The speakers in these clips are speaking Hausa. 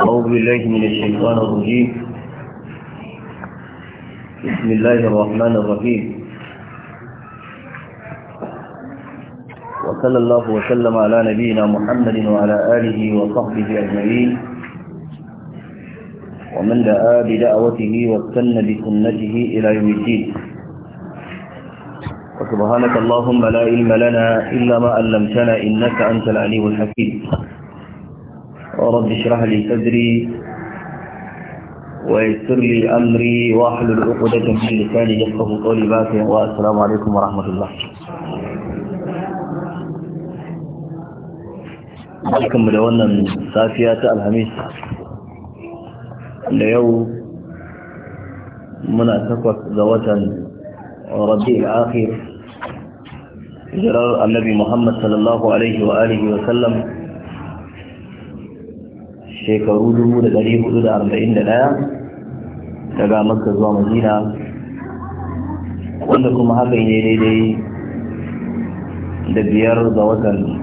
أعوذ بالله من الشيطان الرجيم بسم الله الرحمن الرحيم وصلى الله وسلم على نبينا محمد وعلى آله وصحبه أجمعين ومن دعا بدعوته واستنى بسنته إلى يوم الدين وسبحانك اللهم لا علم لنا إلا ما علمتنا إنك أنت العليم الحكيم رب اشرح لي صدري ويسر لي امري واحلل عقدة من لساني يفقه قولي باقي والسلام عليكم ورحمة الله. عليكم بلونا من سافية الهميس. اليوم منى تفك زوجا ربي الاخر جرار النبي محمد صلى الله عليه واله وسلم shekaru 441 daga makka zuwa madina wanda kuma haka ne daidai da biyar ga watan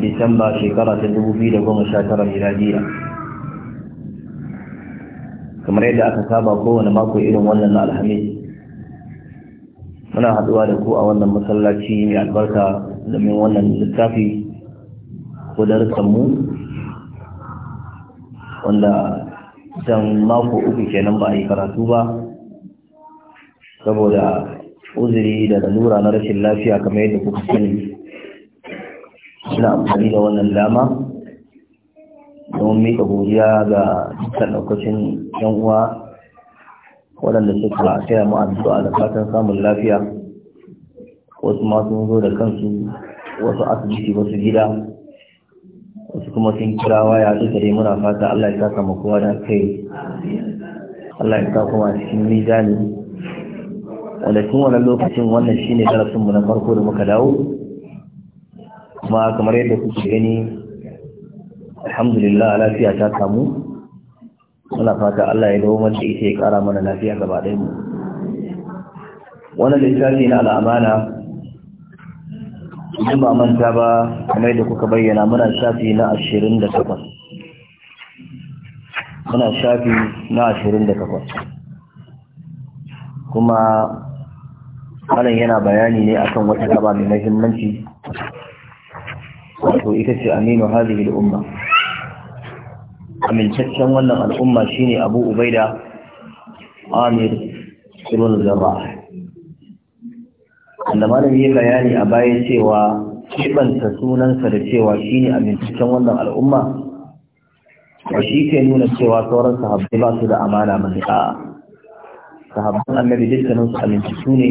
disamba shekara ta 2019 miladiya kamar yadda aka saba kowane mako irin wannan na alhamis muna haduwa da ku a wannan masallaci mai albarka domin wannan littafi ko darussanmu wanda dan mako uku kenan ba a yi karatu ba saboda uzuri da lalura na rashin lafiya kamar yadda kuka sani suna amfani da wannan dama don mika godiya ga dukkan ɗaukacin yan uwa waɗanda suka taya mu addu'a da fatan samun lafiya wasu masu zo da kansu wasu asibiti wasu gida wasu kuma sun kira waya su dai muna fata Allah ya saka kowa wada kai Allah ya saka kuma cikin mizani wanda tun wannan lokacin wannan shine darasin mu na farko da muka dawo kuma kamar yadda kuke gani alhamdulillah lafiya ta samu muna fata Allah ya dawo da ita ya kara mana lafiya gaba ɗaya mu wannan littafi na al'amana idan ba manta ba kamar da kuka bayyana muna shafi na ashirin da takwas muna shafi na ashirin da takwas kuma malam yana bayani ne akan wata gaba mai mahimmanci wato ita ce aminu hadhihi al-umma amintaccen wannan al'umma shine abu ubaida amir ibn al-jarrah wanda malami ya bayani a baya cewa kebanta sunansa da cewa shine abinciken wannan al'umma ba shi ke nuna cewa sauran sahabbai ba su da amana mai a sahabban annabi dukkanin su amintattu ne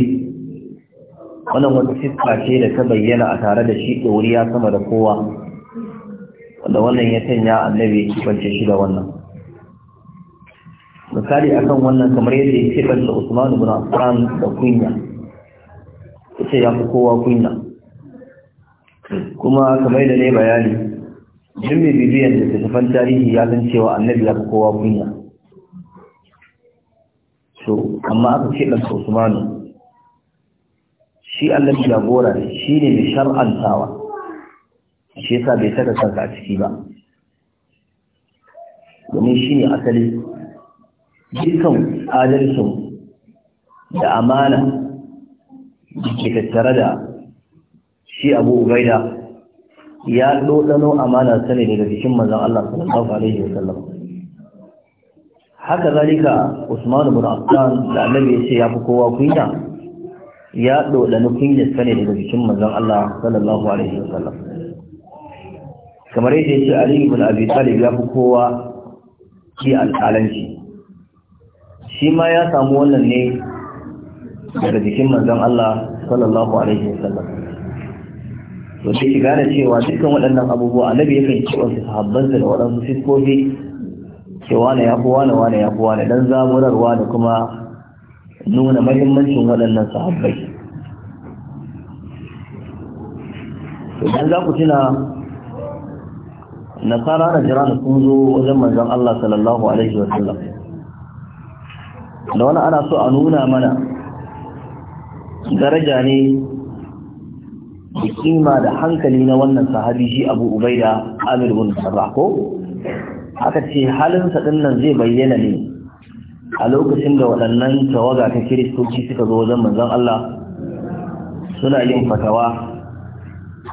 wannan wata fiska ce da ta bayyana a tare da shi ɗoriya sama da kowa wanda wannan ya tanya annabi ya shi da wannan misali akan wannan kamar yadda ya kebanta usman ibn affan da kunya yace ya fi kowa kunya kuma kamar da ne bayani duk mai bibiyan da tafan tarihi ya san cewa annabi ya fi kowa kunya so amma aka ce ɗansa usmanu shi annabi jagora ne shi ne mai shar'antawa shi yasa bai saka sarka a ciki ba domin shi ne asali dukkan adalcin da amana ke tattare da shi abu ubaida ya ɗoɗano amana sani daga jikin mazan Allah sallallahu alaihi Wasallam. haka zalika Usman ibn Affan da Annabi ya ce ya fi kowa kunya ya ɗoɗano kunya sani daga jikin mazan Allah sallallahu alaihi Wasallam. kamar yadda ya ce Ali ibn Abi Talib ya fi kowa ki alƙalanci shi ma ya samu wannan ne daga jikin manzon Allah sallallahu alaihi wasallam to sai ki gane cewa dukkan waɗannan abubuwa annabi yakan ciwon su sahabban da waɗansu siskofi cewa na yafi wane wane yafi wane dan zaburarwa da kuma nuna mahimmancin waɗannan sahabbai idan za ku tuna nasara na jiran sun zo wajen manzon Allah sallallahu alaihi wasallam da wani ana so a nuna mana daraja ne da kima da hankali na wannan sahabi shi abu ubaida amir bin sarra ko aka ce halinsa ɗinnan nan zai bayyana ne a lokacin da waɗannan tawaga ta kiristoci suka zo wajen manzan Allah suna yin fatawa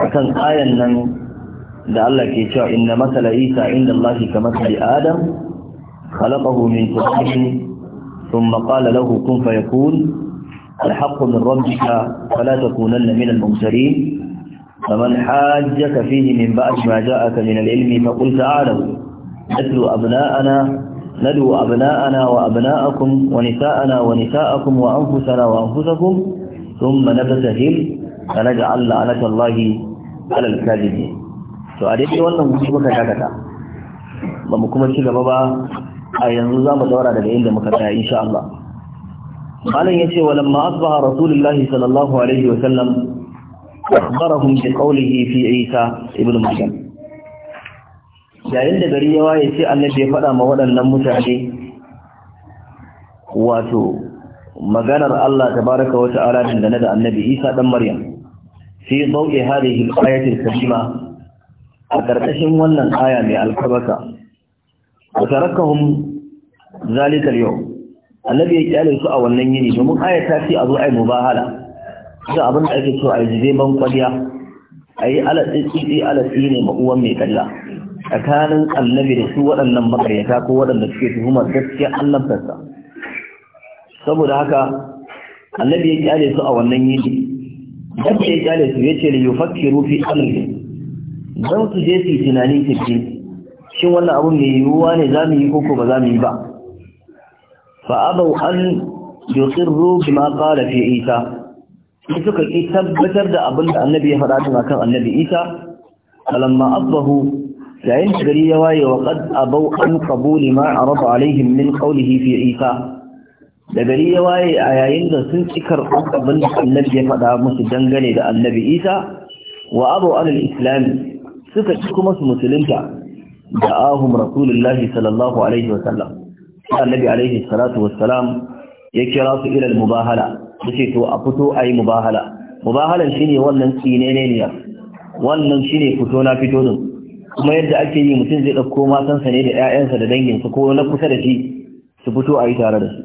A kan ayan nan da Allah ke cewa inda matsala isa inda Allah ka masali adam khalaqahu min turabin sun qala lahukun fayakun الحق من ربك فلا تكونن من الممترين فمن حاجك فيه من بعد ما جاءك من العلم فقل تعالوا نتلو أبناءنا ندعو أبناءنا وأبناءكم ونساءنا ونساءكم وأنفسنا وأنفسكم ثم نبتهل فنجعل لعنة الله على الكاذبين فأدري وأنه مصيبك كذا ba mu kuma ci gaba ba a yanzu za mu daura daga inda muka tsaya insha Allah malam yace walamma asbaha rasulullahi sallallahu alaihi wa sallam akhbarahum bi qawlihi fi isa ibn maryam yayin da gari ya waye sai annabi ya faɗa ma waɗannan mutane wato maganar Allah tabaraka wa ta'ala dangane da na da annabi isa dan maryam fi daw'i hadhihi al-ayati al-karima a ƙarƙashin wannan kaya mai alkabaka wa tarakahum zalika al-yawm annabi ya kyale su a wannan yini domin aya ta ce a zo ai mubahala da abin da ake so a yi zai ban kwadiya a yi alatsitsi alatsi ne ma'uwan mai kalla tsakanin annabi da su waɗannan makaryata ko waɗanda suke tuhumar gaskiya annabtarsa saboda haka annabi ya kyale su a wannan yini dabba ya kyale su ya ce da yufakkiru fi amri don su je su yi tunani tafi shin wannan abun mai yiwuwa ne za mu yi koko ba za mu yi ba fa'abau an yusirru bima qala fiye isa suka ki tabbatar da abin da annabi ya faɗa tun akan annabi isa alamma asbahu yayin da gari ya waye wa abau an qabuli ma arada alaihim min qawlihi fi isa da gari ya waye a yayin da sun ci karɓar abin da annabi ya faɗa musu dangane da annabi isa wa abu alal islami suka ci kuma su musulunta da ahun rasulullahi sallallahu alaihi wasallam annabi alaihi salatu wassalam ya kira su ila mubahala yace to a fito ayi mubahala mubahalan shine wannan tsinene ne wannan shine fito na fito din kuma yadda ake yi mutum zai dauko matansa ne da ƴaƴansa da danginsa ko na kusa da shi su fito ayi tare da su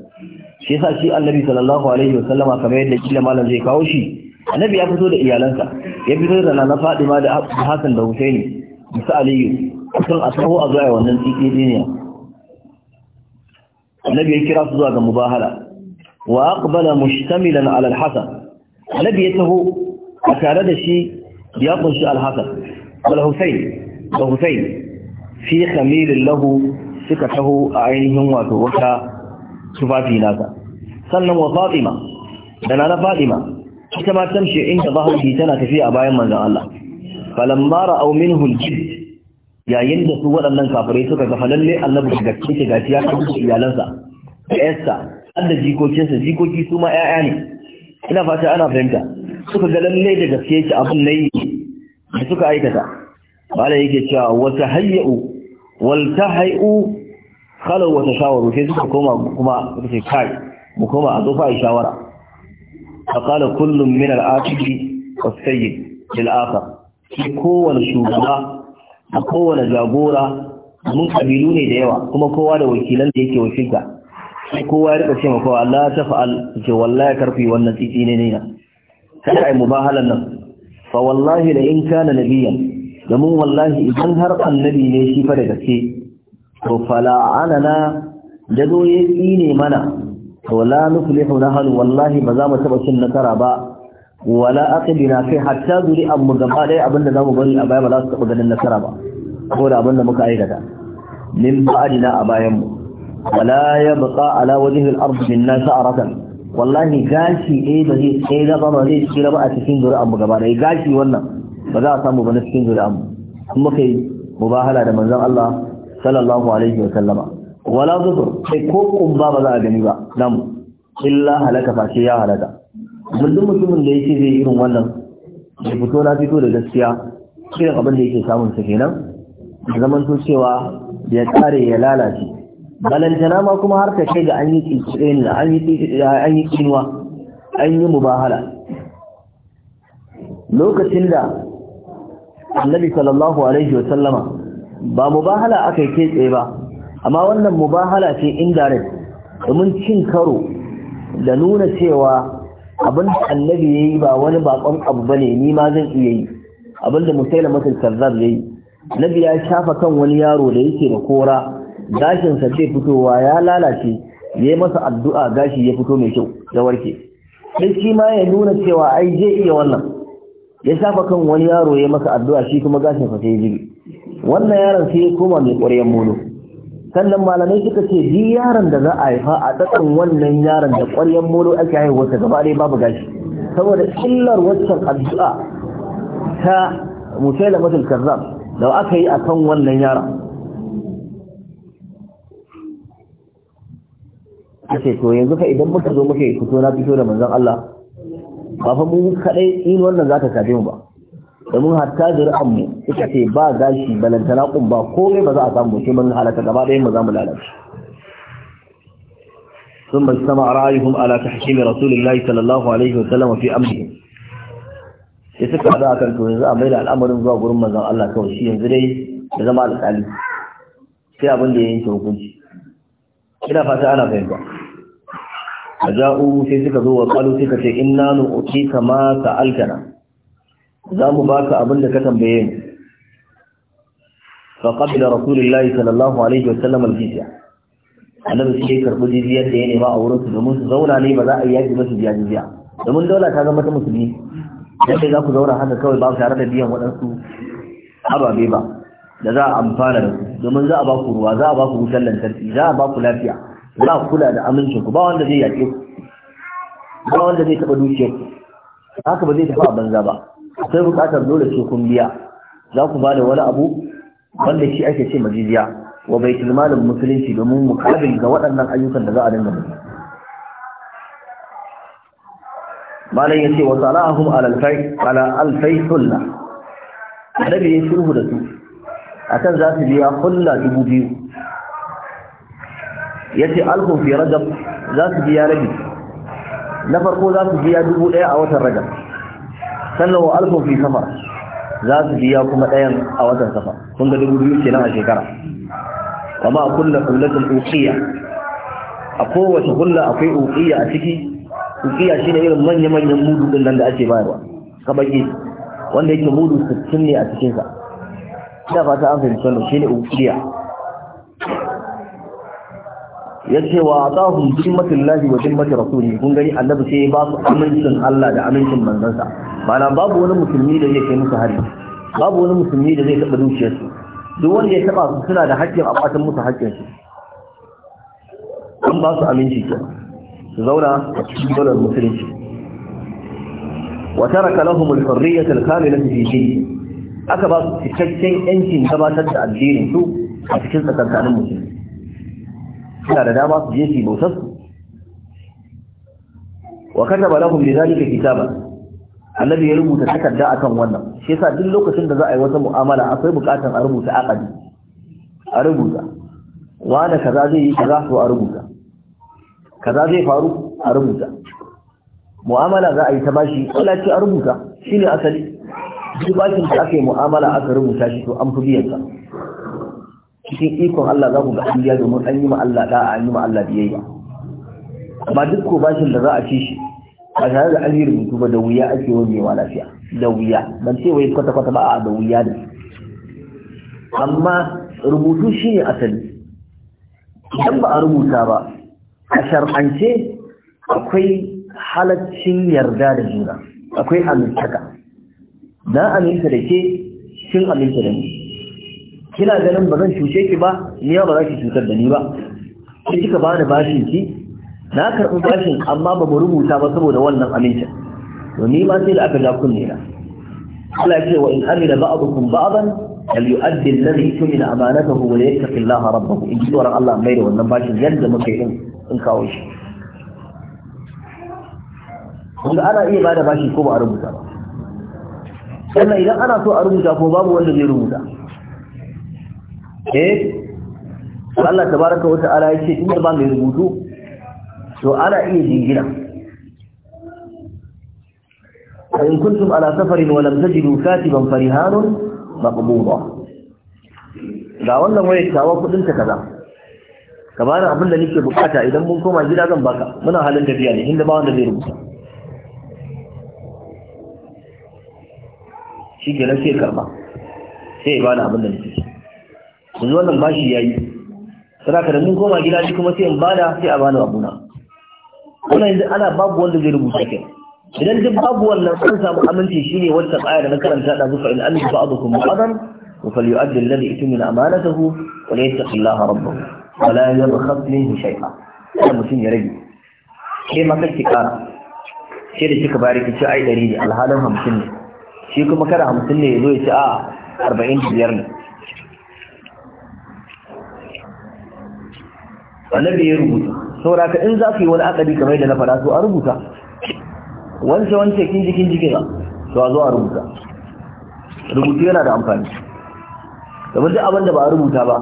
shi yasa shi annabi sallallahu alaihi wasallama kamar yadda kila malam zai kawo shi annabi ya fito da iyalansa ya fito da nana Fadima da Hassan da Husaini da Aliyu a taho a zuwa wannan tsinene ne annabi ya kira su zuwa ga mubahala wa aqbala mushtamilan ala al-hasan annabi ya taho a tare da shi ya kunshi al-hasan wal husayn da husayn fi khamilin lahu suka taho a ainihin wato wata tufafi nasa sannan wa fatima da na fatima ita ma tamshi inda zahari tana tafiya a bayan manzon Allah falamma ra'aw minhu al-jidd yayin da su waɗannan kafirai suka ga falalle annabi daga cikin gashi ya kawo iyalansa da yarsa har da jikokinsa jikoki su ma 'ya'ya ne ina fata ana fahimta suka ga lalle da gaske yake abin nayi da suka aikata bala yake cewa wa tahayyau wal wata khalu wa sai suka koma kuma suka ce kai mu koma a zofa a shawara fa kullum kullun min al wasu was-sayyid lil-akhar kowane shugaba a kowane jagora mun kabilu ne da yawa kuma kowa da wakilan da yake wakilta sai kowa ya rika ce ma kowa Allah ta fa'al ce wallahi karfi wannan titi ne ne na kada ai mubahalan nan fa wallahi la in kana nabiyyan domin wallahi idan har annabi ne shi fa da gaske to fala anana da zo ya tsine mana to la nuflihu nahal wallahi ba za mu taba cin nasara ba wala aqdina kai hatta zuri'an mu gaba dai abinda zamu bari a baya ba za su taba ganin nasara ba ko da abinda muka aikata min ba'dina a bayan mu wala yabqa ala wajhi al-ard min nasaratan wallahi gashi eh ba zai tsaye da ba zai tsira ba a cikin zuri'an mu gaba dai gashi wannan ba za a samu ba na cikin zuri'an mu kuma kai mubahala da manzon Allah sallallahu alaihi wa sallama wala zubur sai ko kun ba ba za a gani ba namu illa halaka fa ya halaka duk mutumin da yake zai irin wannan ya fito na fito da gaskiya irin abin da yake samun sa kenan zaman to cewa ya tsare ya lalace balantana ma kuma har ta kai ga an yi tsitsirin an yi an yi lokacin da annabi sallallahu alaihi wa sallama ba mubahala aka yi kai tsaye ba amma wannan mubahala ce indirect domin cin karo da nuna cewa abin da annabi ya yi ba wani bakon abu ba ne ni ma zan iya yi abin da musaila matul kazzab ya yi annabi ya shafa kan wani yaro da yake da kora gashinsa zai fitowa ya lalace ya yi masa addu'a gashi ya fito mai kyau da warke sai shi ma ya nuna cewa ai zai iya wannan ya shafa kan wani yaro ya masa addu'a shi kuma gashinsa sai ya jibi wannan yaron sai ya koma mai ƙwaryen molo sannan malamai suka ce bi yaron da za a haifa a tsakan wannan yaron da ƙwaryen molo ake haihuwarsa gaba ɗaya babu gashi saboda illar waccan addu'a ta musaila matul kazzab da aka yi a kan wannan a ce to yanzu ka idan muka zo muka yi fito na fito da manzan Allah ba fa mu kaɗai in wannan za ta mu ba domin hatta zuri'an mu suka ce ba gashi balantana kun ba komai ba za a samu sai mun halaka gaba ɗayan mu za mu lalace sun ba sama ra'ayuhum ala tahkimi rasulillahi sallallahu alaihi wa sallam fi amrihim sai suka za a kan to yanzu a mai da al'amarin zuwa gurin manzon Allah kawai shi yanzu dai da zama alƙali sai abin da ya yanke hukunci ina fata ana fahimta a ja'u sai suka zo wa ƙalu suka ce inna nu'ti kama ka sa'altana za mu baka abin da ka tambaye mu fa qabila rasulullahi sallallahu alaihi wasallam al-jizya annabi sai karbi jizya da ya nema a wurin su domin su zauna ne ba za a yi yaji musu biya jizya domin daula ta zama ta musulmi yadda za ku zauna haka kawai ba tare da biyan waɗansu ababe ba da za a amfana da su domin za a ba ku ruwa za a ba ku wutar lantarki za a ba ku lafiya za a kula da amincin ku ba wanda zai yaƙe ku ba wanda zai taɓa dukiyar ku haka ba zai tafi a banza ba akwai bukatar dole sai kun biya za ku ba da wani abu wanda shi ake ce majiziya wa bai tilmalin musulunci domin mukabil ga waɗannan ayyukan da za a dinga musu malam yace wa salahum ala alfai ala alfai hulla annabi ya sulhu da su akan za su biya hulla dubu biyu Ya yace alhum fi rajab za su biya rabi na farko za su biya dubu ɗaya a watan rajab sannan wa alfun fi safar za su biya kuma ɗayan a watan safar kun ga dubu biyu kenan a shekara Kuma a kulla kullatin uqiya a kowace kulla akwai uqiya a ciki uqiya shine irin manya manyan mudu ɗin nan da ake bayarwa Ka kabaki wanda yake mudu 60 ne a cikinsa. ina fata an fahimci wannan shine Ya ce wa atahum zimmatullahi wa zimmatu rasuli kun gani annabi sai ya ba su amincin Allah da amincin manzansa mana babu wani musulmi da zai kai musu hari babu wani musulmi da zai taɓa zuciyarsu, duk wanda ya taɓa su suna da haƙƙin a ɓatan musu haƙƙinsu an ba su aminci ke su zauna a cikin dolar musulunci Wata Raka lahum al ya al na fi aka ba su cikakken yancin gabatar da addinin su a cikin tsakankanin musulmi suna da dama su je su bautar su wa kataba lahum lidhalika kitaba annabi ya rubuta takarda akan wannan shi yasa duk lokacin da za a yi wata mu'amala akwai bukatan a rubuta aqadi a rubuta wanda kaza zai yi kaza to a rubuta kaza zai faru a rubuta mu'amala za a yi ta bashi wala ce a rubuta shine asali duk bashin da aka yi mu'amala aka rubuta shi to an fi biyan sa cikin ikon Allah za ku ga an biya domin an yi ma Allah da'a an yi ma Allah biyayya amma duk ko bashin da za a ci shi A tare da alhiri mutu ba da wuya ake wajewa lafiya da wuya ban ce wai kwata-kwata ba a da wuya da amma rubutu shi ne asali idan ba a rubuta ba a shar'ance akwai halaccin yarda da juna akwai amintaka na aminta da ke kin aminta da ni kina ganin ba zan cuce ki ba ni ba za ki cutar da ni ba sai kika bani bashin ki na karɓi bashin amma ba mu rubuta ba saboda wannan amincin to ni ma sai da aka ja kunne na Allah ya ce wa in amila ba'dukum ba'dan fal yu'addi alladhi tumina amanatahu wa yattaqi Allah rabbahu in ji tsoron Allah mai da wannan bashin yadda muka yi in kawo shi kuma ana iya bada bashi ko ba a rubuta ba sannan idan ana so a rubuta ko babu wanda zai rubuta eh Allah tabaraka wa ta'ala ya ce in ba mai rubutu to ana iya jingina in kuntum ala safarin wa lam tajidu katiban farihanun maqbuda ga wannan waye tawa kudin ta kaza ka ni abin da nake bukata idan mun koma gida zan baka muna halin tafiya ne inda ba wanda zai rubuta shi ke sai karba sai ya bani abin da nake yanzu wannan bashi yayi sadaka da mun koma gida shi kuma sai in bada sai a bani abuna wannan yanzu ana babu wanda zai rubuta ke idan duk babu wannan an samu aminci shine wata tsaya da na karanta da zufa in an ba abukum ba'dan wa falyu'addi alladhi itmina amanatahu wa yattaqillaha rabbahu wa la yabkhas minhu shay'a kada mutum ya rage sai ma kake kara sai da kika bari kici ai dari ne alhalin 50 ne shi kuma kada hamsin ne ya zo ya ce a 45 ne annabi ya rubuta saura ka in za ka yi wani akadi kamar yadda na faɗa su a rubuta wance wance kin ji kin ji kina to a zo a rubuta rubutu yana da amfani kamar duk abin da ba a rubuta ba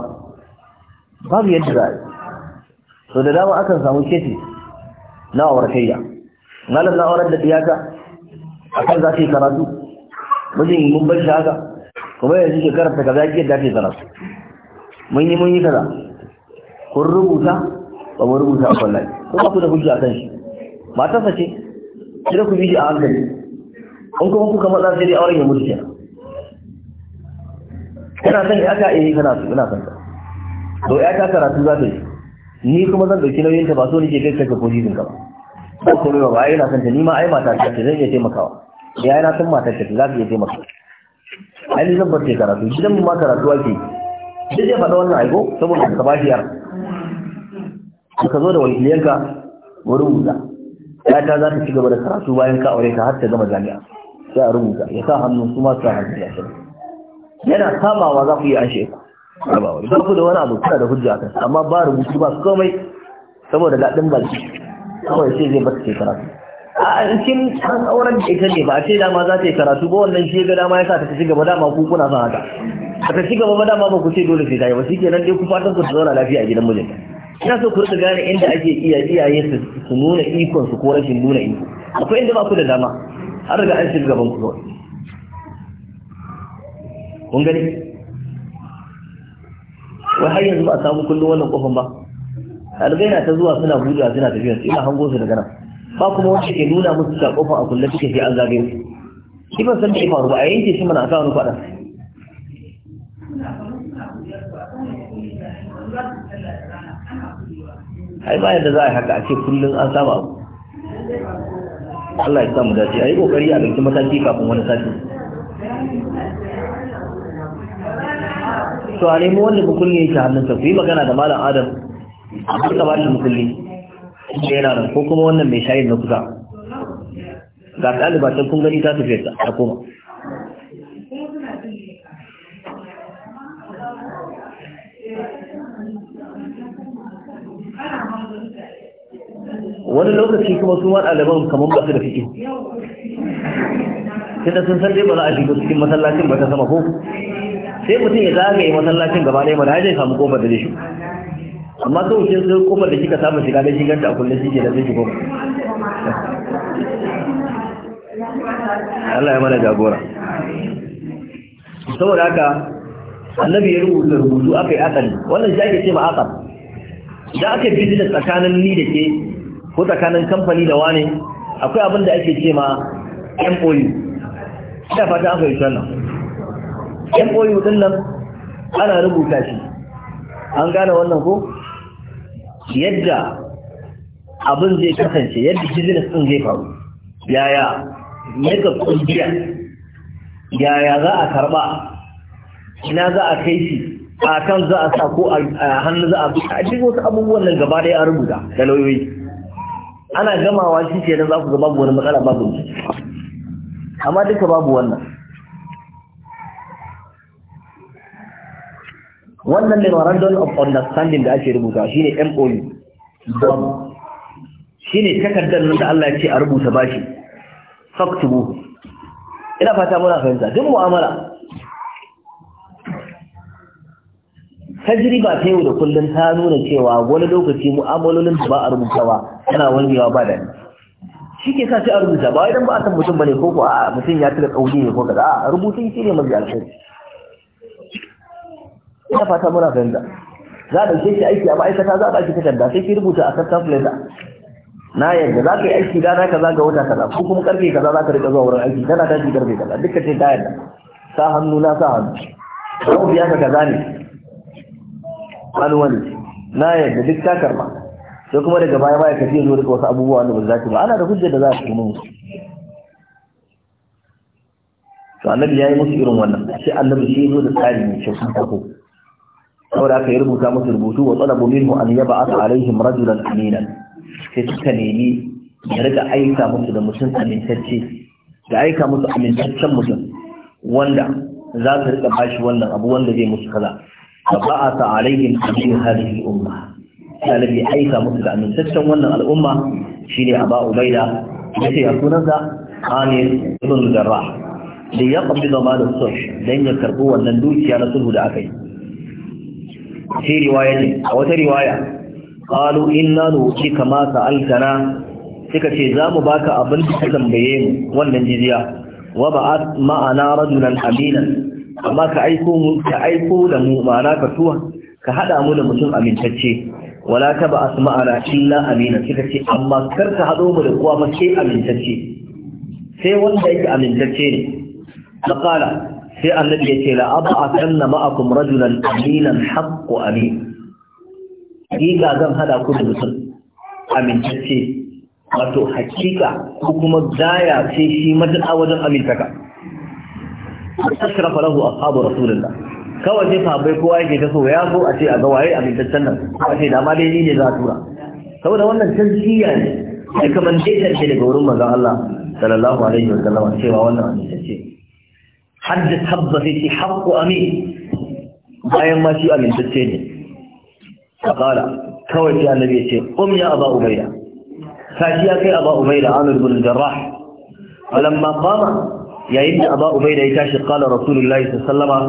babu yadda za a yi so da dama akan samu keti na auratayya malam na aurar da A akan za ta yi karatu mijin mun bar shi haka kuma yanzu shekarar ta ka za yadda ta yi karatu mun yi mun yi kaza kun rubuta ba mu rubuta a wallahi ko ba ku da hujja kan shi matarsa ce Kira ku bi shi a hankali in kuma kuka matsa sai dai auren ya mutu kana son ya ka yi eh, kana so ina son ka to ya ka karatu za ta yi ni kuma zan dauki nauyin ta ba so nake kai ka koji din ka ba ko ne ba ai na son ta ni ma ai mata ta ce zai iya taimakawa ya ina san mata ta za ta iya taimakawa ai ni zan bar ta karatu idan mu ma karatu ake duk ya faɗa wannan aiko saboda ka ba shi yar ka zo da wakiliyanka wurin rubuta ya ta za ta ci gaba da karatu bayan ka aure ta har ta gama jami'a sai a rubuta ya sa hannu su ma su hannu ya shirin yana samawa za ku yi an sheku rabawa idan ku da wani abu kuna da hujja kan amma ba rubutu ba komai saboda daɗin baki kawai sai zai bata ce karatu a cikin an auren da ita ne ba a ce dama za ta yi karatu ba wannan shi ga dama ya sa ta ci gaba dama ku kuna son haka ba ta ci gaba ba dama ba ku ce dole sai ta yi ba shi kenan dai ku fatan ku ta zauna lafiya a gidan mijinta ina so ku rika gane inda ake iya iyaye su nuna ikon su ko rashin nuna iko akwai inda ba ku da dama har ga an shiga gaban ku kawai kun gani wai har yanzu ba a samu kullum wannan kofan ba ɗalibai na ta zuwa suna buɗewa suna tafiya su ina hango su daga nan ba kuma wanda ke nuna musu ta kofa a kullum suke sai an zagaye su shi ban san da ya faru ba a yanke shi mana a sa wani kwaɗa ai bayan da za a haka a ce kullum an saba abu Allah ya samu dace a yi kokari a ɗauki mataki kafin wani sati to a nemi wanda mukulli yake hannunsa ku yi magana da malam adam a kuka ba shi mukulli inda yana nan ko kuma wannan mai shayin na kusa ga ɗaliba can kun gani ta tafiya ta koma wani lokaci kuma su ma ɗaliban kamar ba su da fiƙi da sun san dai ba za a shiga cikin masallacin ba ta sama ko sai mutum ya yi masallacin gaba ɗaya mana hajjai samu kofar da shi amma kawai sai sai kofar da kika samu shiga da shigar da kullum shi ke da zai ba. Allah ya mana jagora saboda haka annabi ya rubuta rubutu aka yi akali wannan shi ake ce ma akal da aka yi business tsakanin ni da ke ko tsakanin kamfani da wane akwai abin da ake ce ma MOU ina fata an fahimci wannan MOU din nan ana rubuta shi an gane wannan ko yadda abin zai kasance yadda business din zai faru yaya mega kungiya yaya za a karba ina za a kai shi a kan za a sa ko a hannu za a bi a cikin wasu abubuwan nan gaba ɗaya a rubuta da lauyoyi ana gamawa shi ke nan za ku ga babu wani matsala babu ne amma duka babu wannan wannan memorandum of understanding da ake rubuta shi ne MOU shi ne takardar nan da Allah ya ce a rubuta bashi faktubu ina fata muna fahimta duk mu'amala tajriba ta yau da kullum ta nuna cewa wani lokaci mu'amalolin da ba a rubuta ba. yana wangewa ba da shi ke sa sai a rubuta ba idan ba a san mutum bane ko kuwa mutum ya tura kauje ne ko kaza a rubutun shi ne mafi alkhairi ina fata muna fahimta za a ɗauke shi aiki a ma'aikata za a ɗauke takarda sai ki rubuta a kan leta na yadda za ka yi aiki ka kaza ga wata kaza ko kuma karfe kaza za ka rika zuwa wurin aiki tana tashi karfe kaza duka ce ta yadda sa hannu na sa hannu za biya ka kaza ne hannu na yadda duk ta karba sai kuma daga baya baya ka zo duka wasu abubuwa wanda ba za ba ana da hujjar da za a kuma musu to annabi ya yi musu irin wannan sai annabi shi zo da tsari mai kyau sun tako saboda aka yi rubuta musu rubutu wa talabu minhu an yaba asa alaihim rajulan aminan sai suka nemi ya riga aika musu da mutum amintacce da aika musu amintaccen mutum wanda za su riƙa bashi wannan abu wanda zai musu kaza Ba fa ba'atha alaihim amin hadhihi umma sai annabi ya aika musu da amintaccen wannan al'umma shine aba ubaida yace ya sunansa amir ibn jarrah da ya zama da malu don ya karbi wannan dukiya na sulhu da aka yi في رواية أو رواية قالوا إنا نوكي كما سألتنا سكتي زام باك أبن بسلم بيين والنجزية وبعد معنا ka aiko da mu كأيكو ka معنا ka كهذا mu da mutum amintacce. wala taba asma'ana illa amina kika ce amma kar ka hado mu da kowa ma sai amintacce sai wanda yake amintacce ne faqala sai annabi ya ce la ab'athanna ma'akum rajulan aminan haqqu amin hakika zan hada ku da mutum amintacce wato hakika ko kuma gaya sai shi a wajen amintaka tasrafa lahu ashabu rasulillah kawai sai sahabbai kowa yake ta so ya zo a ce a ga waye amintaccen nan a ce da ma dai ni ne za a tura saboda wannan tanziya ne sai kamar dai ce daga wurin manzon Allah sallallahu alaihi wa sallam cewa wannan amintacce hadda tabba sai ce haqqu amin bayan ma shi amintacce ne faqala kawai sai annabi ya ce um ya aba ubayda sashi ya kai aba ubayda amir bin jarrah falamma qama yayin da aba ubaida ya tashi qala rasulullahi sallallahu alaihi wasallam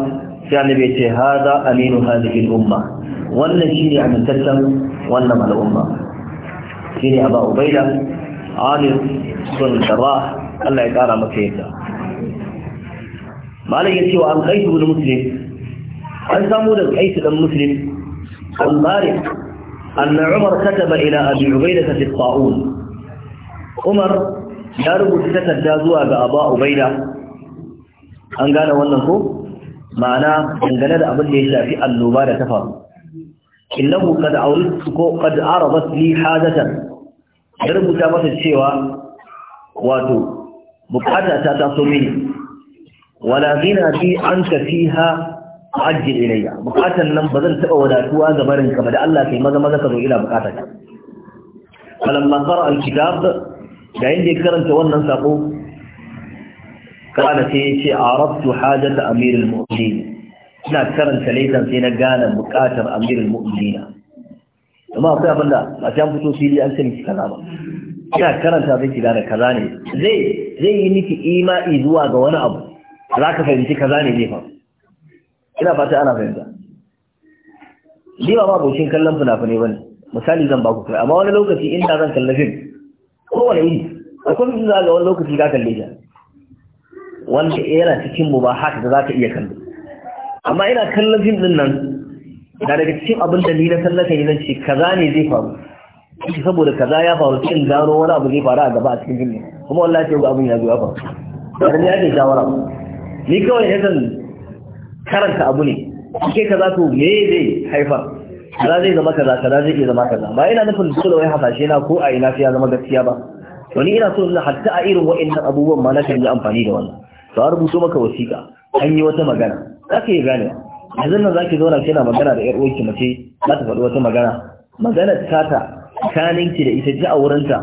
sai annabi ya ce hada aminu hadhihi umma wannan shine amintaccen wannan al'umma shine aba ubaida amir bin jarrah Allah ya kara maka yadda malam ya ce wa an kaisu bin muslim an samu da kaisu dan muslim an bari anna umar kataba ila abi ubaida fi ta'un umar ya rubuta takarda zuwa ga Aba Ubaida an gane wannan ko ma'ana dangane da abin da ya shafi annoba da ta faru innahu qad awridtu ko qad arabat li hajatan ya rubuta masa cewa wato bukata ta taso mini wala ghina bi anka fiha ajil ilayya bukatan nan bazan taba wadatuwa ga barinka ba da Allah kai maza maza ka zo ila bukataka falamma qara alkitab Ga yayin da ya karanta wannan sako kana sai ya ce a arabtu hajat amirul mu'minin ina karanta laifin sai na gane bukatar amirul mu'minin amma akwai abin da ba ta fito fili an sani kaza ba ina karanta sai ki gane kaza ne zai zai yi miki imani zuwa ga wani abu za ka fahimci kaza ne zai faru ina fata ana fahimta ni ba ma abokin kallon fina-finai ba ne misali zan ba ku kai amma wani lokaci ina zan kalla kowane yi akwai mutum za ga wani lokaci ka kalle ta wanda yana cikin mu ba haka da za ka iya kallo amma ina kallon fim din nan da daga cikin abin da ni na san nakan yi zan ce kaza ne zai faru saboda kaza ya faru cikin gano wani abu zai faru a gaba a cikin jini kuma wallahi ce ga abin ya zo ya faru da ni ake shawara ni kawai ya san karanta abu ne ke kaza to me zai haifar kaza zai zama kaza kaza zai iya zama kaza ba ina nufin dole wai hasashe na ko a ina sai ya zama gaskiya ba wani ina so na hatta a irin wa'annan abubuwan ma na kan yi amfani da wannan to a rubuto maka wasiƙa an yi wata magana za ka iya gane yanzu nan za ki zauna kina magana da ƴar uwarki mace za ta faɗi wata magana magana tata kaninki da ita ji a wurinta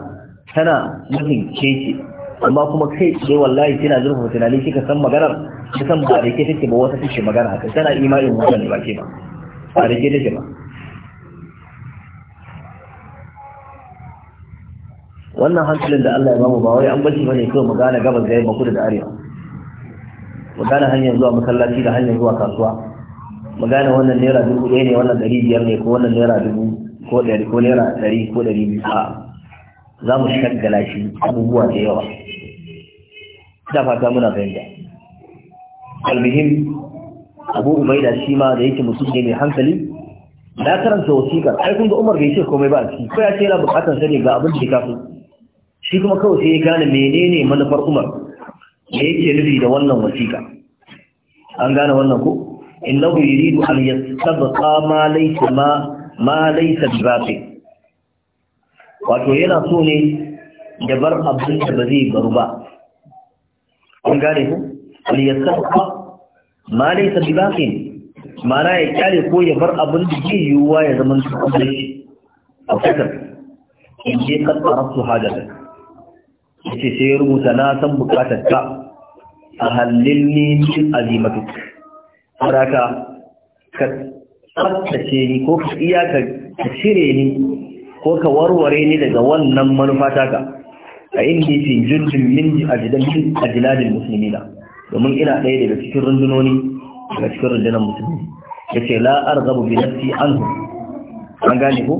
tana nufin keke amma kuma kai sai wallahi kina zurfafa tunani kika san maganar ta san ba da ke take ba wata take magana haka tana imanin wannan ba ke ba ba da ke take ba wannan hankalin da Allah ya bamu ba wai an bashi bane kawai mu gane gabas da yamma kudu da arewa mu gane hanyar zuwa masallaci da hanyar zuwa kasuwa mu gane wannan naira dubu ɗaya ne wannan ɗari biyar ne ko wannan naira dubu ko ɗari ko naira ɗari ko ɗari biyu a za mu shaggala shi abubuwa da yawa Ina fata muna fahimta almihim abu ubaida shi ma da yake mutum ne mai hankali na karanta wasiƙar ai kun ga umar bai ce komai ba a ciki ko ya ce yana buƙatar sani ga abin da ya kafin shi kuma kawai sai ya gane menene manufar umar da yake nufi da wannan wasiƙa an gane wannan ko innahu yuridu an yastabqa ma laysa ma ma laysa bizaqi wato yana so ne da bar abin da ba zai baru ba an gane ko an yastabqa ma laysa bizaqi mana ya kyale ko ya bar abin da zai yiwuwa ya zama cikin shi a kasar in je kan su hajjata yace sai ya rubuta na san bukatar ka a hallilni min azimatuk haraka ka tsaftace ni ko ka iya ka cire ni ko ka warware ni daga wannan manufa taka a inni fi jundin min ajdadin musulmi na. domin ina ɗaya daga cikin rundunoni daga cikin rundunar musulmi yace la'ar arghabu bi nafsi anhum an gane ku?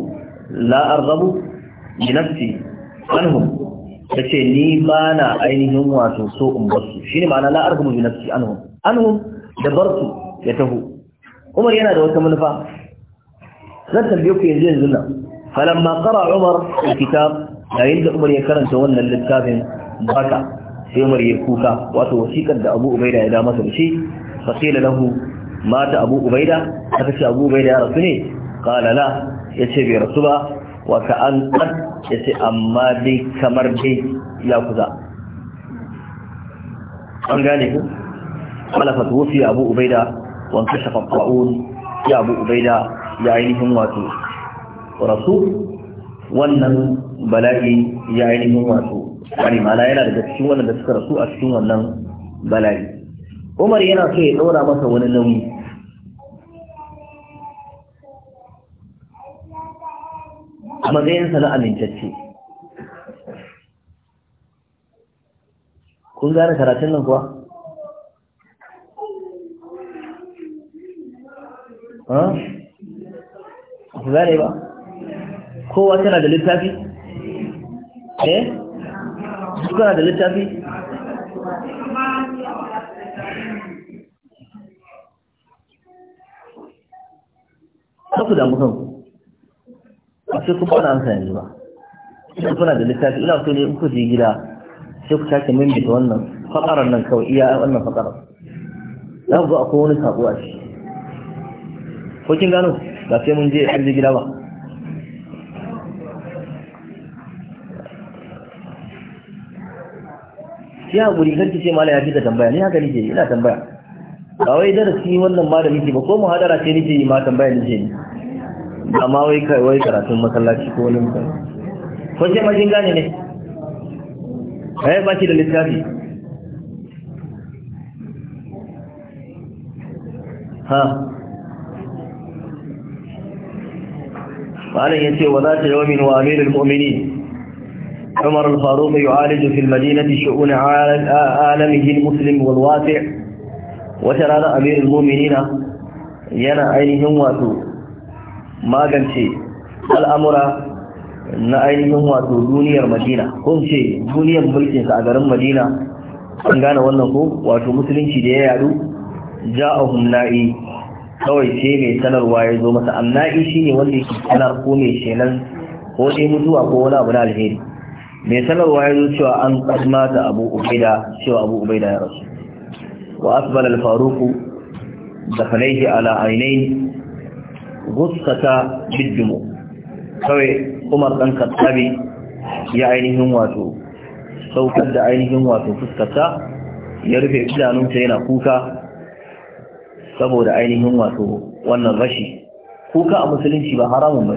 La'ar arghabu bi nafsi anhum ta ce ni ba na ainihin wato so in basu shi ne ma'ana la'arhumu bi nafsi anhum anhum da barsu ya taho umar yana da wata manufa zan tambaye ku yanzu yanzu nan falamma qara umar alkitab yayin da umar ya karanta wannan littafin baka sai umar ya kuka wato wasiƙar da abu ubaida ya da masa da shi fasila lahu mata abu ubaida aka ce abu ubaida ya rasu ne qala la yace bai rasu ba wata an an ya ce amma dai kamar dai ya kuza an gane ku qala fa tuwfi abu ubaida wa shafafa'un ya abu ubaida ya ainihin wato Rasu! wannan bala'i ya ainihin wato wani mana yana daga cikin wannan da suka rasu a cikin wannan bala'i umar yana so ya ɗora masa wani nauyi a matsayinsa na amintacce kun gane karatun nan kuwa? ha? ku gane ba? kowa tana da littafi? eh? suna da littafi? ku damu kanku a sai kuma ana amsa yanzu ba ina kuna da littafi ina so ne in ku gida sai ku sake bita wannan fakarar nan kawai iya wannan fakarar za ku akwai wani sabuwa a shi ko kin gano ba sai mun je har gida ba ya guri kan ce mala ya fi da tambaya ni haka nake ina tambaya ba wai darasi wannan malami ke ba ko muhadara ce nike yi ma tambaya nike yi amma wai kai wai karatun masallaci ko wani mutane ko sai majin gane ne ai ba ki da littafi ha malam yace wa zata yawmin wa amirul mu'minin عمر الفاروق يعالج في المدينة شؤون عالمه المسلم والواسع وترى أمير المؤمنين ينا عينهم واتو magance al'amura na ainihin wato duniyar madina ko ce duniyar mulkinsa a garin madina an gane wannan ko wato musulunci da ya yadu a hunna'i kawai ce mai sanarwa ya zo masa shi shine wanda yake sanar ko mai shenan ko mutuwa ko wani abu na alheri mai sanarwa ya zo cewa an kasma ta abu ubaida cewa abu ubaida ya rasu wa asibar al faruku da falaihi ala ainihi gussata biddumu kawai umar ɗan kattabi ya ainihin wato saukar da ainihin wato fuskarta ya rufe idanunta yana kuka saboda ainihin wato wannan rashi kuka a musulunci ba haramun ba.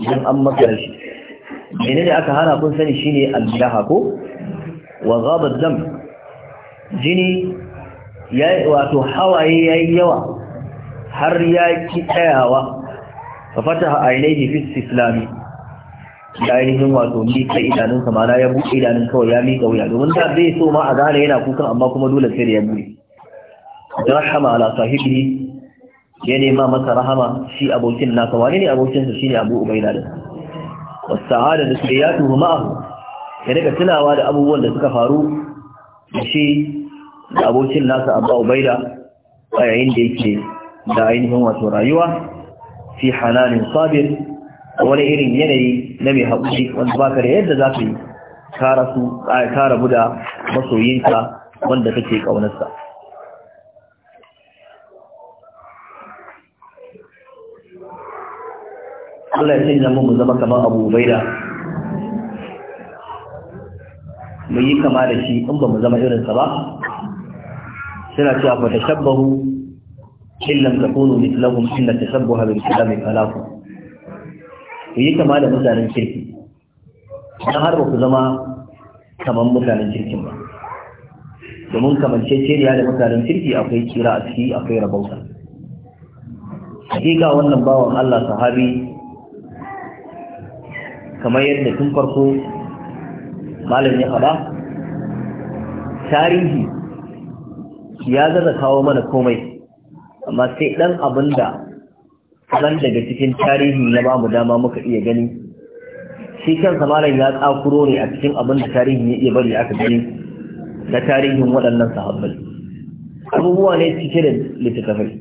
Don an maka rashi menene aka hana kun sani shine al-jaha ko wa ghaba dam jini yayi wato hawaye ya yi yawa har ya ki tsayawa fa fataha ainihi fi islami ya ainihin wato ni ta idanun sa mana ya buɗe idanun kawai ya miƙa wuya domin da zai so ma a gane yana kukan amma kuma dole sai da ya buɗe rahama ala sahibi ya nema masa rahama shi abokin nasa wani ne abokinsa shine abu ubaida da wasa'ada da siriyatu ma'ahu ya daga tunawa da abubuwan da suka faru da shi da abokin nasa abu ubaida a yayin da yake da ainihin wato rayuwa fi halalin sabir wani irin yanayi na mai haƙuri wanda ka da yadda za ka yi ka rabu da masoyinka wanda kake ƙaunarsa Allah ya ce zama mu zama kamar Abu Ubaida mu yi kama da shi in ba mu zama irinsa ba suna cewa fa tashabbahu in lam takunu mithlahum illa tashabbaha bil kalam alafu yi kama da mutanen kirki dan har ba ku zama kaman mutanen kirkin ba domin kamanceceniya da mutanen kirki akwai kira a ciki akwai rabauta hakika wannan bawan Allah sahabi kamar yadda tun farko malam ya faɗa tarihi ya zaza kawo mana komai amma sai ɗan abin da ɗan daga cikin tarihi ya ba mu dama muka iya gani shi kansa malam ya tsakuro ne a cikin abin da tarihi ya iya bari aka gani na tarihin waɗannan sahabbai abubuwa ne cike da littattafai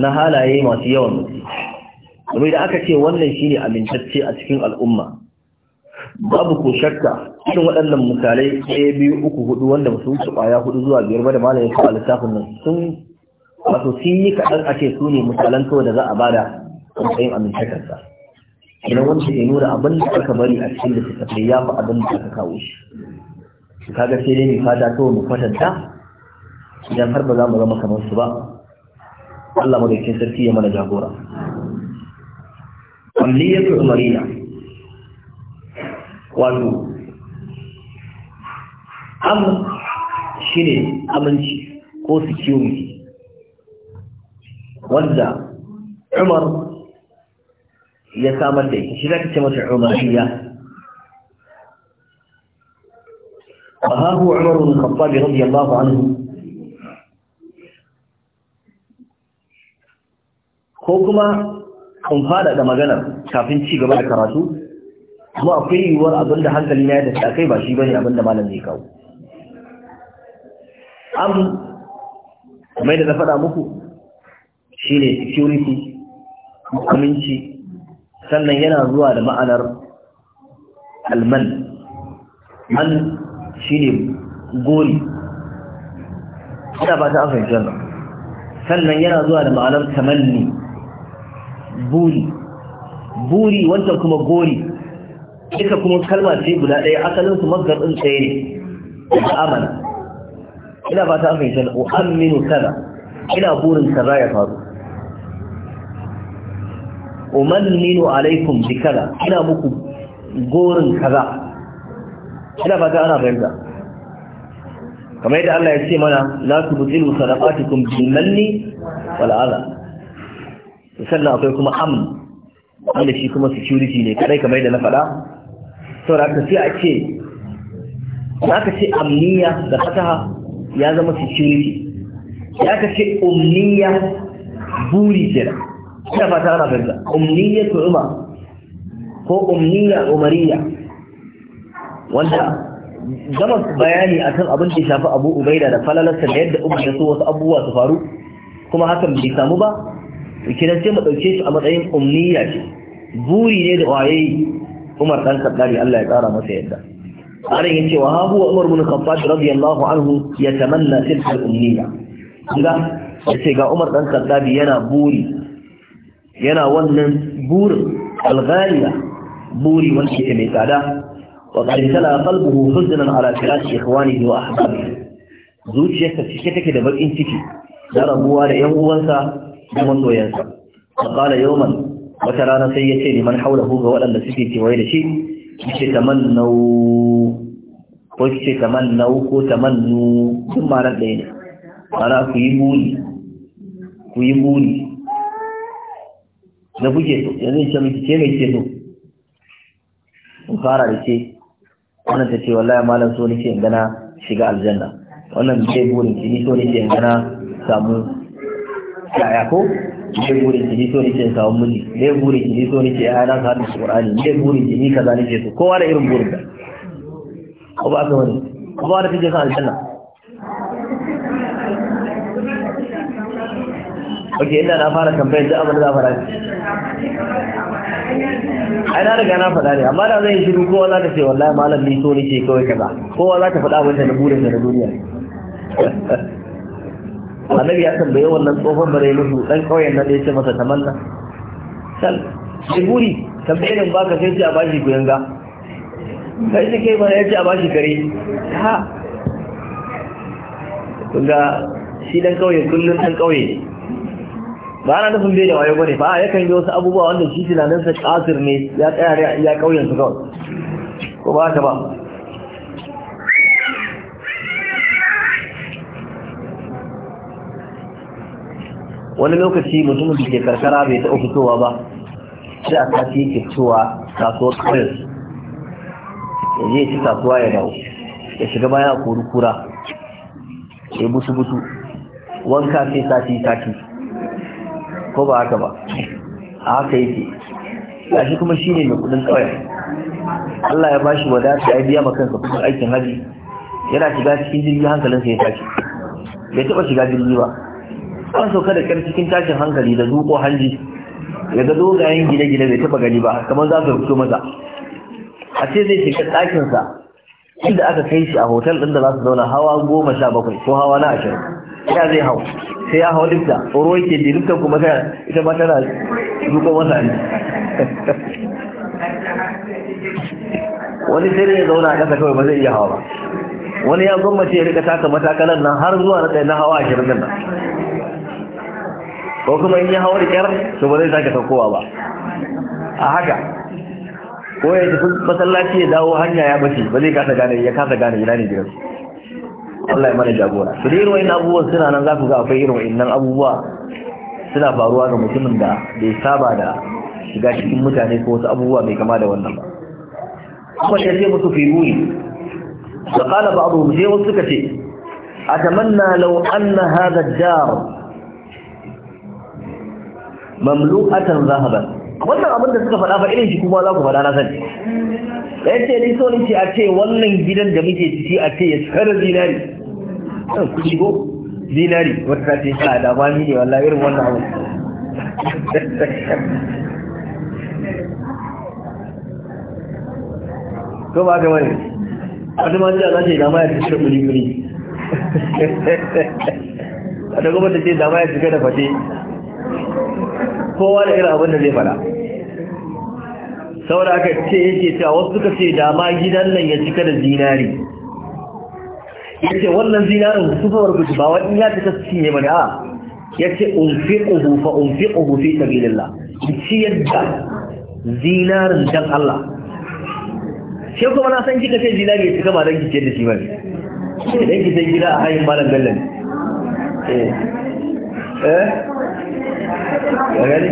na halaye masu yawan mutu domin da aka ce wannan shine amintacce a cikin al'umma babu ko shakka cikin waɗannan misalai ɗaya biyu uku hudu wanda ba su wuce ƙwaya hudu zuwa biyar ba da malayin su a littafin nan sun wato sun yi kaɗan a su ne misalan kawai da za a bada matsayin amintakarsa idan wanda ke nuna abin da aka bari a cikin littattafai ya fi abin da aka kawo shi kaga sai dai mai fata kawai mu kwatanta idan har ba za mu zama kamar su ba Allah madaukakin sarki ya mana jagora amliyatul umarina wato am shine aminci ko security wanda umar ya samar da shi za ka ce mata umariya فها Umar wani بن الخطاب yamma الله عنه ko kuma kun fada da magana kafin ci gaba da karatu kuma akwai yiwuwar abin da hankali na yadda tafi kai ba shi bane abin da malam zai kawo am mai da na faɗa muku Shi ne security aminci sannan yana zuwa da ma'anar alman man shine gori ina ba ta afirka wannan sannan yana zuwa da ma'anar tamanni buri buri wancan kuma gori ita kuma kalma ce guda ɗaya asalin su ɗin tsaye ne da amana ina ba ta afirka wannan aminu kada ina burin kaza ya faru umanninu alaikum bi kaza ina muku gorin kaza ina fata ana fahimta kamar yadda Allah ya ce mana la tubtilu sadaqatikum bil manni wal adha sannan akwai kuma amn wanda shi kuma security ne kadai kamar yadda na faɗa saboda haka sai a ce za ka ce amniya da fataha ya zama security ya ka ce umniya buri kenan ina fata ana fahimta umniyatu umar ko umniya umariya wanda gama bayani akan abin da shafi abu ubaida da falalarsa da yadda umar ya so wasu abubuwa su faru kuma hakan bai samu ba kiran ce mu ɗauke shi a matsayin umniya ce buri ne da waye umar dan kaddari Allah ya tsara masa yadda arin yace wa ha huwa umar bin khattab radiyallahu anhu yatamanna tilka al-umniya kuma yace ga umar dan kaddabi yana buri yana wannan burin alghaliya buri wanda ke mai tsada wa qalbala qalbuhu huznan ala firashi ikhwanihi wa ahbabihi zuciyarsa cike take da bakin ciki da rabuwa da yan uwansa da masoyansa wa qala yawman wata rana sai ya ce liman haulahu ga waɗanda suke kewaye da shi ce tamannau ko ce tamannau ko tamannu duk ɗaya ne ku yi buri ku yi buri na buge so yanzu ce miki ce mai ke so in fara da ce wannan ta ce wallahi malam so nake in gana shiga aljanna wannan ce burin ki ni so nake in gana samu yaya ko ne burin ki ni so nake in samu muni ne burin ki ni so nake yaya na samu hadisi qur'ani ne burin ki ni kaza nake so kowa da irin burin da ko ba ka wani ko ba da kike san aljanna Ok, inda na fara tambayar da abin da za fara ai na riga na faɗa ne amma da zai yi shiru kowa za ta ce wallahi malam ni so nake kawai kaza kowa za ta faɗa wanda da burin da duniya annabi ya tambaye wannan tsohon bare musu dan kauyen nan ya ce masa tamanna sal sai buri tambayin baka sai ce a bashi kuyanga kai ne kai ba ya ce a bashi kare ha kunga shi dan kauye kullun dan kauye ba na nufin bai da wayo bane ya yakan yi wasu abubuwa wanda shi tunanin sa kasir ne ya tsaya ya kauyen su kawai ko ba ta ba wani lokaci mutumin da ke karkara bai taɓa fitowa ba sai a sati yake fitowa kasuwar kawai ya je ci kasuwa ya dawo ya shiga bayan a kori kura ya busu busu wanka sai sati sati ko ba haka ba a haka yake gashi kuma shi ne mai kudin kawai Allah ya bashi wadata ya biya kansa kusan aikin haji yana shiga cikin jirgi hankalinsa ya tashi bai taba shiga jirgi ba an sauka da kyar cikin tashin hankali da zuko hanji ya ga dogayen gine-gine bai taba gani ba kamar za su fito masa a ce zai shiga ɗakinsa inda aka kai shi a hotel ɗin da za su zauna hawa goma sha bakwai ko hawa na ashirin ya zai hau sai ya hawa lifta tsoro yake ji lifta kuma ta ita ma tana duka masa ne wani sai ya zauna a ƙasa kawai ba zai iya hawa ba wani ya gwammace ya rika taka matakalan nan har zuwa na tsaye na hawa ashirin nan ko kuma in ya hawa da ƙyar to ba zai sake saukowa ba a haka ko ya tafi masallaci ya dawo hanya ya bace ba zai kasa gane ya kasa gane ina ne gidansu Allah ya mana jagora su dai irin abubuwan suna nan za ku ga akwai irin wa'annan abubuwa suna faruwa ga mutumin da bai saba da shiga cikin mutane ko wasu abubuwa mai kama da wannan ba kuma sai sai musu fi ruhi da kala ba abu sai wasu suka ce a tamanna lau anna hada jar mamlu'atan zahaban wannan abin da suka faɗa ba irin shi kuma za ku faɗa na sani da ce ni so ni ce a ce wannan gidan da muke ciki a ce ya da zinari kan kuɗi ko dinari wata ta ce sha da mani ne wallahi irin wannan abu ko ba ga wani wata ma jiya za ta yi dama ya fi kuli kuli wata kuma ta ce dama ya shiga da fate kowa da irin abin da zai fada saboda aka ce yake cewa wasu suka ce dama gidan nan ya cika da zinari yace wannan zinarin sufawar guji ba wani ya fita su cinye bane a yace unfiquhu fa unfiquhu fi sabilillah in ci yadda zinarin dan Allah shi kuma na san kika ce zinari ya cika ba dan kike da shi bane idan kike gida a hayin malam bellan eh eh gani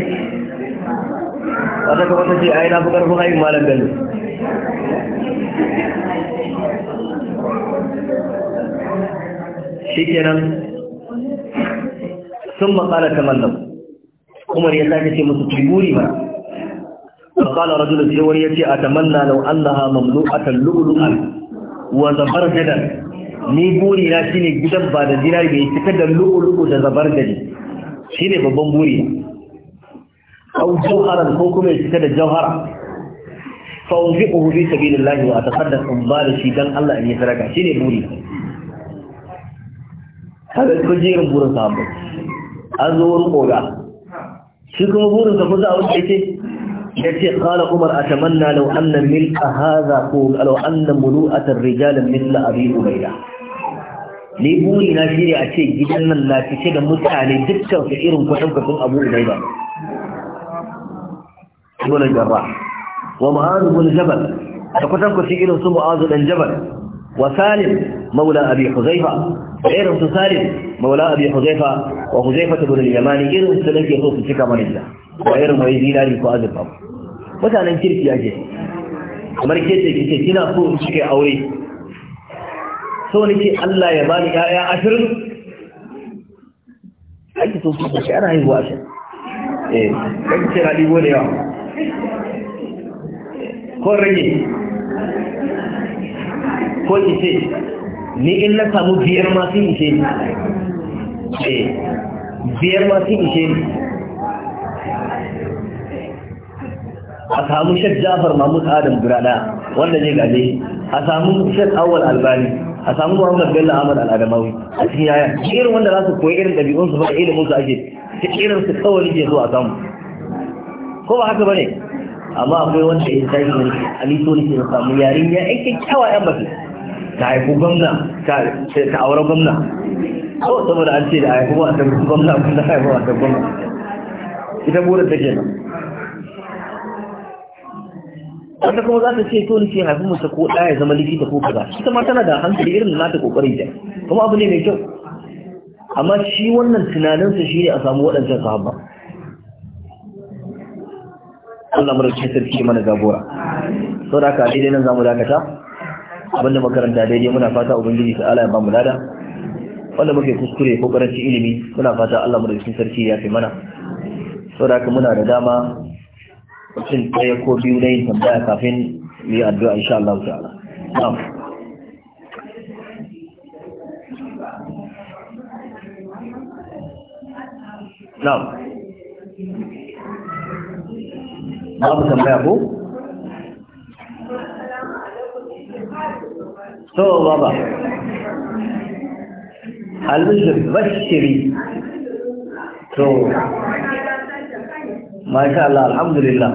wata kuma ta ce yi na fi karfin hayin malam bellan shikenan sun makala ta mallam umar ya sake ce musu tiburi ba wani ya ce a ta manna رجل سيوري يتي a لو أنها Wa لؤلؤا وزبرجدا ni buri na shine gidan ba da zinari bai cika da lu'ulu'u da zabar gari ne babban buri au jawharan ko kuma ya cika da jawhara fa unfiquhu fi sabilillahi wa ba da shi dan Allah ne ya Shi ne buri kaga ko jerin burin sa ba an zo wurin koga shi kuma burin sa a wuce da Ya ce qala umar a atamanna law anna milka haza ko law anna mulu'at ar-rijal mithla abi ubayda ni buri na shirya a ce gidan nan na fice da mutane dukkan su irin kwatankwacin abu ubayda ibn jarrah wa mu'adh bin jabal da kwatankwacin irin su mu'adh dan jabal wa salim maula abi huzaifa da irin su salim maula abi huzaifa wa huzaifa ta gudun yamani irin su nake so su cika mana gida ba irin wai zinari ko azurfa ba mutanen kirki ake kamar ke ce kike kina so in cike aure so nake Allah ya bani ƴaƴa ashirin ake so su ce ana haihuwa ashirin eh kan ce radi gode yawa ko rage ko ki ce ni in na samu biyar masu ishe ni eh, biyar masu ishe ni a samu shek jafar mahmud adam burada wanda ne gaje a samu shek awal albani a samu muhammad bello ahmad al'adamawi a cikin yaya irin wanda za su koyi irin ɗabi'unsu ba ilimin su ake ta irin su kawai ke zuwa a samu ko ba haka ba ne amma akwai wanda ya tashi ne a ne ke samu yarinya ya kyakkyawa yan mafi ta haifu gwamna ta aure gwamna kawai saboda an ce da haifu ba ta gwamna kuma da haifu ba ta gwamna ita burin ta nan wanda kuma za ta ce to ni ce haifu musa ko ɗaya zama likita ko kaza ita ma tana da hankali irin da ta kokarin ta kuma abu ne mai kyau amma shi wannan tunaninsa shi ne a samu waɗancan sahabba Allah mara ce sarki mana gabora sau da aka daidai nan zamu dakata abinda makaranta daidai muna fata ubangiji ta ala ya bamu mu lada wanda muke kuskure ko karanci ilimi muna fata Allah mu da cikin sarki ya fi mana saboda haka muna da dama mutum ɗaya ko biyu na yin tambaya kafin mu yi addu'a insha Allah ta'ala na'am na'am babu tambaya ko to baba albishir bashiri to masha Allah alhamdulillah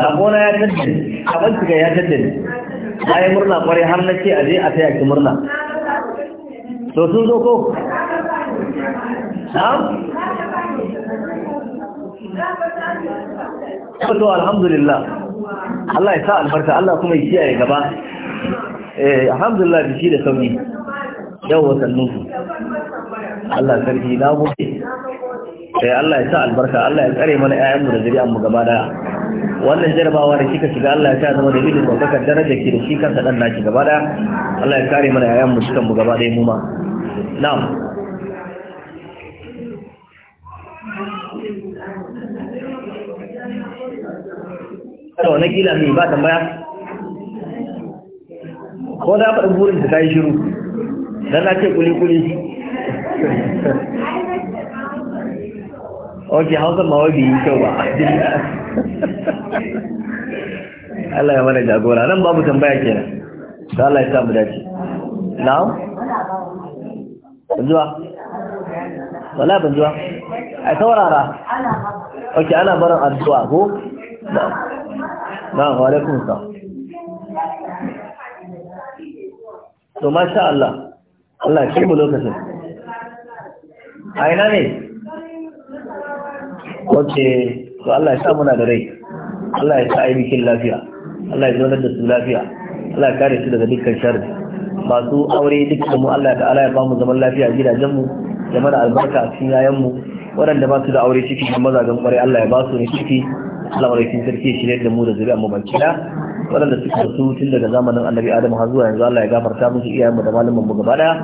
sabona ya taddin abin shiga ya taddin na yi murna kwarai har na ce aje a taya ki murna to sun zo ko? na'am? to alhamdulillah Allah ya sa albarka Allah kuma ya kiyaye gaba eh alhamdulillah bi shi da sauri yau wa ku Allah sarki na gode sai eh, Allah ya sa albarka Allah ya tsare mana ƴaƴan mu da zuriyar mu gaba daya wannan jarabawa da kika shiga Allah ya sa zama da bidin kokakar daraja ki da shi kansa dan naki gaba daya Allah ya kare mana ƴaƴan mu cikin mu gaba daya mu ma na'am to na kila ba tambaya ko na faɗin burin da ta yi shiru dan na ce kuli kuli ok hausa ma wai yi kyau ba Allah ya mana jagora nan babu tambaya kenan da Allah ya samu dace na'am zuwa wala ban zuwa ai saurara ok ana barin addu'a ko na'am na'am wa alaikum salam to masha Allah Allah ya mu lokacin a ina ne wace to Allah ya sa muna da rai Allah ya sa aibikin lafiya Allah ya zo da su lafiya Allah ya kare su daga dukkan sharri masu aure dukkan mu Allah ta'ala ya mu zaman lafiya a mu da albarka a cikin 'ya'yanmu, waɗanda ba su da aure ciki kuma mazajen kwarai Allah ya ba su ne ciki Allah ya sarki shi ne da mu da zuri'a mu baki waɗanda suka rasu tun daga zamanin annabi adam har zuwa yanzu Allah ya gafarta musu iyayenmu da malaman mu gaba daya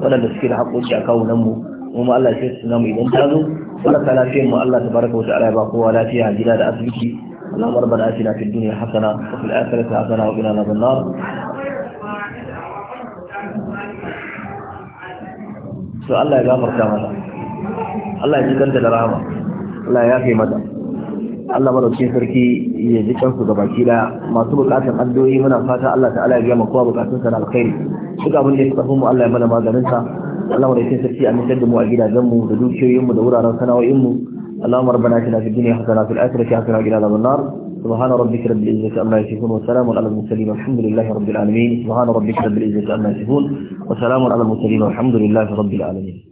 waɗanda suke da haƙoƙi a kawunan mu kuma Allah ya sai mu idan ta zo baraka lafiyar mu Allah ta baraka wata ya ba kowa lafiya gida da asibiti hasana wa fil akhirati hasana wa ila nabin nar to Allah ya gafarta الله Allah ya الله da rahama Allah ya yafe مدى Allah madaukakin sarki ya ji kansu ga baki da masu bukatan addu'o'i muna fata Allah ta'ala ya biya kowa bukatun sa na alkhairi duk abin da ya tafi mu Allah ya mana maganin sa Allah madaukakin sarki a mutar da mu a gidajen mu da dukiyoyin mu da wuraren sana'o'in mu اللهم ربنا اتنا في الدنيا حسنه وفي الاخره حسنه وقنا عذاب النار سبحان ربك رب العزه عما يصفون وسلام على المرسلين والحمد لله رب العالمين سبحان ربك رب العزه عما يصفون وسلام على المرسلين والحمد لله رب العالمين